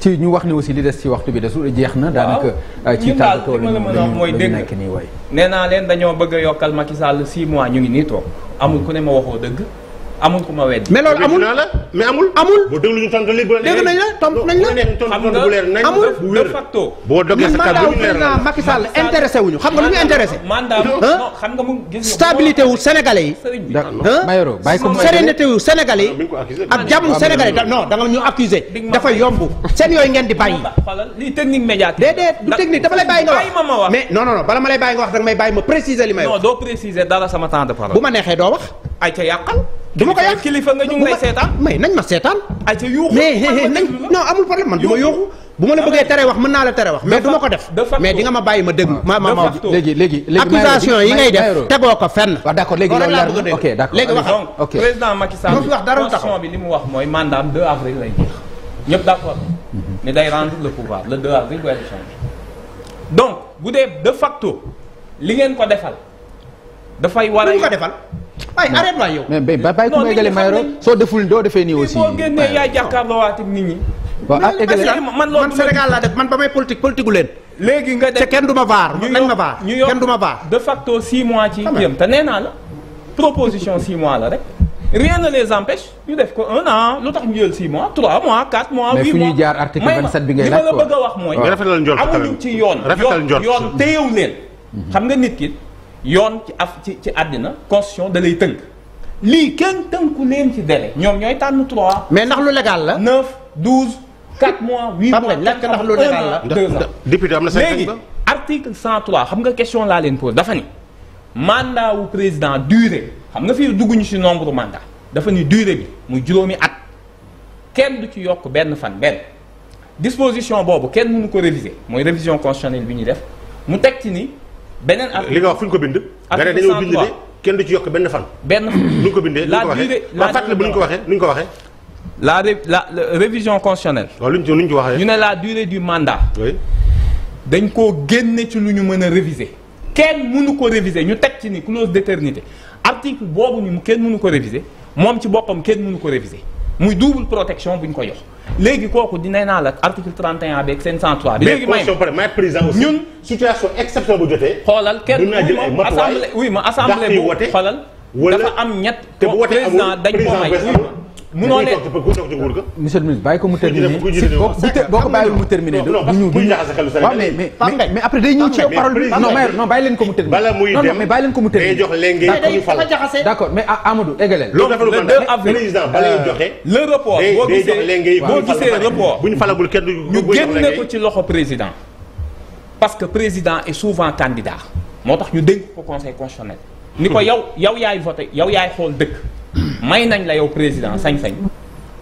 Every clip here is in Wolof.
ci ñu wax ne aussi li des ci waxtu bi desul jeex na. daanaka ah, ci tàggatoo la ñu mooy dégg nekk nii waay. nee naa leen dañoo bëgg a yokkal Macky Sall 6 mois ñu ngi nii toog amul ku ne ma waxoo dëgg. amul ku ma weddi. mais loolu amul mais amul. amul boo déglu ñu tontu li bu la la tontu nañ la amul de facto. boo dogee sa kàddu bu leer mandat xam nga lu ñu intéressé. stabilité wu ah, Sénégalais yi. Mayoro ko sérénité wu Sénégalais yi ak jàmm Sénégalais non da nga ñu accuser dafa yomb seen yooyu ngeen di bàyyi. lii technique médiatique. déedéet du technique dafa lay bàyyi nga wax mais non non bala ma lay bàyyi nga wax danga may bàyyi ma préciser li may wax. non doo préciser dara sama temps bu ma neexee doo wax du ma ko yàq kilifa nga ñu ngi lay seetaan may nañ ma seetaan. ayca yuuxu mais nañ non amul problème man du ma yooxu bu ma la bëggee tere wax mën naa la tere wax mais du ma ko def mais di nga ma bàyyi ma dégg ma ma ma léegi léegi léegi accusation yi ngay def tegoo ko fenn waaw d'accord léegi loolu leer na ok d'accord léegi wax donc président Macky Sall wax dara taxaw bi li mu wax mooy mandat 2 avril lay jeex ñëpp d'accord mhm. ni day rendre le pouvoir le 2 avril bu élection donc bu dee de facto li ngeen ko defal dafay war a ko defal ay arrête waay yow. mais mais bàyyi ko may eggale Mayoro soo deful doo defee nii aussi. boo génnee yaay jàkkaarloo ah, man man Sénégal laa def man ba may politique politique leen. léegi nga def te kenn du ma vaar. nañ ma vaar kenn du ma vaar. de facto 6 mois ci jëm te nee naa la proposition 6 mois la rek. rien ne les empêche ñu def ko un an lu tax ñu jël 6 mois 3 mois 4 mois. 8 mois mais fu ñuy jaar article 27 bi ngay laaj ko li ma la bëgg a wax mooy. rafetal njort amuñu ci yoon. rafetal njort yoon yoon téyew leen. xam nga nit ki yoon ci af ci ci àddina constitution da lay tënk lii kenn tënku leen ci délai ñoom ñooy tànn 3. mais ndax lu legal la. 9 12 4 mois 8 mois. ndax lu légal la 2 ans député am na léegi article 103 xam nga question laa leen posé dafa ni mandat wu président durée xam nga fii dugguñu ci nombre mandat dafa ni durée bi muy juróomi at kenn du ci yokk benn fan benn disposition boobu kenn mënu ko réviser mooy révision constitutionnelle bi ñu def mu teg ci ni. beneen article li nga wax fu ñu ko bind. article 103 dañoo bind ne kenn du ci yokk benn fan. benn lu ñu ko bindee. la durée la durée bu ñu ko waxee ñu ko waxee. la la révision constitutionnelle. waaw lu ñu ci lu ñu waxee. ñu ne la durée du mandat. dañ koo génne ci lu ñu mën a réviser. kenn mënu ko réviser ñu teg ci ni clause d'éternité article boobu ni mu kenn mënu ko réviser moom ci boppam kenn mënu ko réviser. muy double protection bu ñu ko jox léegi kooku dinañ naa la article 31 beeg 503 bi. léegi may mais président aussi ñun situation exceptionnelle bu jotee. xoolal kenn ma assemblée oui ma assemblée bu xoolal dafa am ñett. te bu wootee amul président dañ ko may mënoo ne monsieur le ministre bàyyi ko mu terminé boo ko bàyyiwul mu terminé du ñu du ñu waaw mais mais mais après day ñëw ci yow parole bi non mais non leen ko mu terminé non leen ko mu terminé d'accord mais Amadou égaleel euh, le report boo gisee report bu ñu falagul kenn ñu génne ko ci loxo président parce que président est souvent candidat moo tax ñu dénk ko conseil constitutionnel ni ko hmm. yow yow yaay voté yow yaay xool dëkk may nañ la yow président sañ-sañ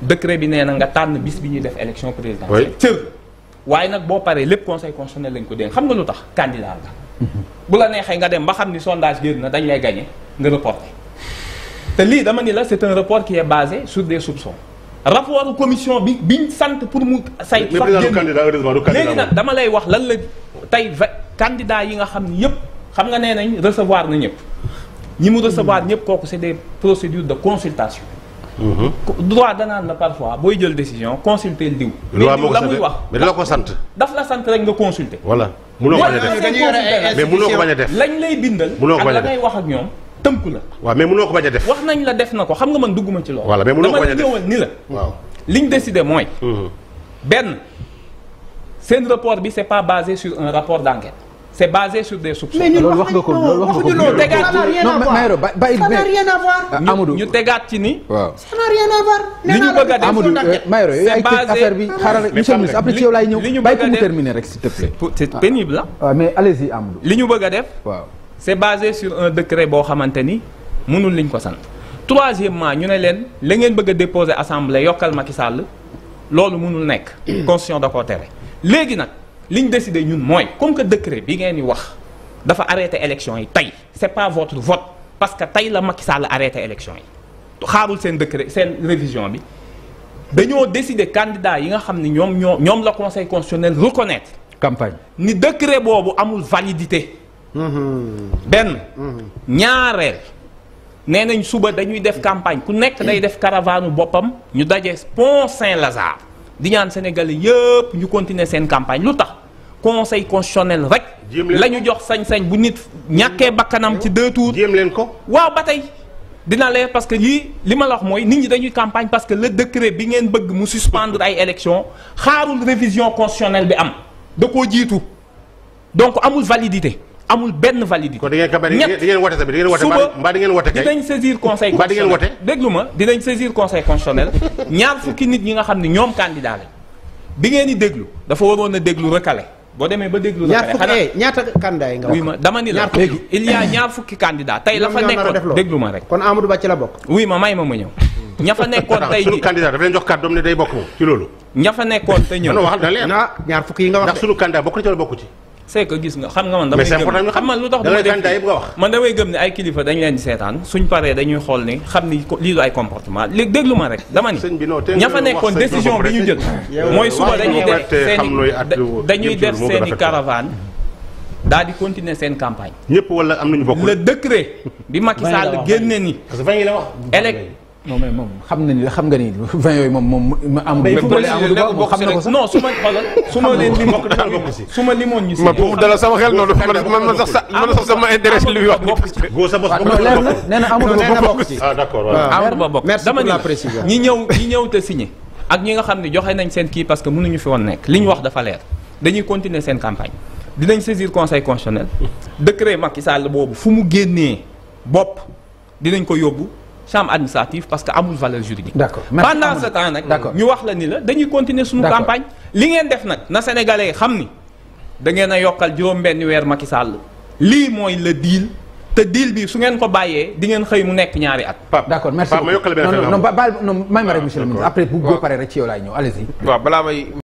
décret bi nee na nga tànn bis bi ñuy def élection présidentielle cër waaye nag boo paree lépp conseil constitutionnel lañ ko dénk xam nga lu tax candidat la bu la neexee nga dem ba xam ni sondage génn na dañ lay gagné nga reporté te lii dama ni la c'est un rapport qui e basé sur des soupçons rapport commission bi biñ sant pour mu say sax léegi nag dama lay wax lan la tey candidat yi nga xam ne yëpp xam nga nee nañ recevoir na ñëpp ñi mu recevoir ñëpp kooku c'est des procédure de consultation. Mm-hmm. droit danaan la parfois booy jël décision consulter diw. loi moo ko sant mais diw la muy wax. mais dina ko sant. daf la sant rek nga consulter. voilà munoo ko bañ a def mais munoo ko bañ a def. lañ lay bindal. munoo ko bañ a ak la ngay wax ak ñoom tënk la. waaw mais munoo ko bañ a def. wax nañ la def na ko xam nga man dugg ma ci loolu. voilà mais munoo ko bañ a def dama la ñëwal ni la. waaw liñ décidé mooy. Mm-hmm. benn seen rapport bi c'est pas basé sur un rapport d'enquête. c'est basé sur des soupçons. mais loolu wax nga ko loolu wax nga ko loolu ah, tegaat ci non Mayoro bàyyi ça n'a rien à ñu tegaat ci ni. li ñu bëgg Amadou euh, Mayoro yooyu ay affaire bi ah, xaaral monsieur le ministre après ci yow laay ñëw bàyyi ko mu te plaît. c'est la. Ah, mais allez-y li ñu bëgg def. waaw c'est basé sur un décret boo xamante ni mënul liñ ko sant. troisièmement ñu ne leen la ngeen bëgg a déposer assemblée yokkal Macky Sall loolu munul nekk. constitution da koo tere léegi nag li ñu décidé ñun mooy comme que décret bi ngeen di wax dafa arrêté élection yi tey c'est pas votre vote parce que tey la Macky Sall arrêté élection yi xaarul seen décret seen révision bi dañoo décidé candidat yi nga xam ne ñoom ñoo ñoom la conseil constitutionnel reconnaître campagne ni décret boobu amul validité mm-hmm. benn mm-hmm. ñaareel nee nañ suba dañuy def campagne ku nekk day def caravane boppam ñu daje pont Saint-Lazare diñaan ñaan sénégalais yëpp ñu continuer seen campagne lu tax conseil constitutionnel rek. la ñu jox sañ-sañ bu nit ñàkkee bakkanam ci deux tours. jéem leen ko waaw ba tey. dina leer parce que lii li ma la wax mooy nit ñi dañuy campagne parce que le décret bi ngeen bëgg mu suspendre ay élections xaarul révision constitutionnelle bi am da koo jiitu donc amul validité amul benn validité. kon da ngeen kabaare da ngeen wote tamit da ngeen wote mbaa da ngeen dinañ saisir conseil déglu ma dinañ saisir conseil constitutionnel ñaar fukki nit ñi nga xam ni ñoom candidat lañ bi ngeen di déglu dafa waroon a déglu recalé. boo demee ba déglu. ñaar fukki eh, ñaata candidat yi nga wax. ma dama ni la léegi a ñaar fukki candidat tey la fa nekkoon déglu ma rek. kon Amadou Ba ci la bokk. oui ma may ma ma ñëw. ña fa nekkoon tey jii sunu candidat dafa leen jox kàddoom ne day bokk moom ci loolu. ña fa nekkoon te ñëw. non waxal da leer ñaar fukki yi nga wax ndax sunu candidat bokk na ci wala bokku ci. c'est que gis nga xam nga man. damay gëm xam man lu tax. damay gëm man damay gëm ne ay kilifa dañ leen di seetaan suñ paree dañuy xool ni xam ni lii du ay comportement léegi déglu ma rek dama ni. ña fa nekkoon décision bi ñu jël. mooy suba dañuy def seen dañuy def seen i daal di continuer seen campagne. ñëpp wala am nañu bokk. le décret bi Macky Sall génne ni. parce que la moom mais moom xam nañu xam nga ni vingt moom moom ma am. mais fu ma lii dina ko xam na ko su ma xoolal su ma dafa bokk ma limoon na Amadou Ba bokk merci pour la précision ñi ñëw ñi ñëw te ak ñi nga xam ne joxe nañ seen kii parce que mënuñu fi woon nekk li ñu wax dafa leer dañuy continuer seen campagne dinañ saisir conseil constitutionnel décret Macky Sall boobu fu mu génnee bopp dinañ ko yóbbu chambre administrative parce que amul valeur juridique. d'accord pendant ce temps ñu wax la ni la dañuy continuer suñu campagne. li ngeen def nag na sénégalais xam ni da a yokkal juróom-benn weer Macky lii mooy le deal. te deal bi su ngeen ko bàyyee di ngeen xëy mu nekk ñaari at. Pape d'accord merci Pape ma yokkale benn non non non may ma rek monsieur le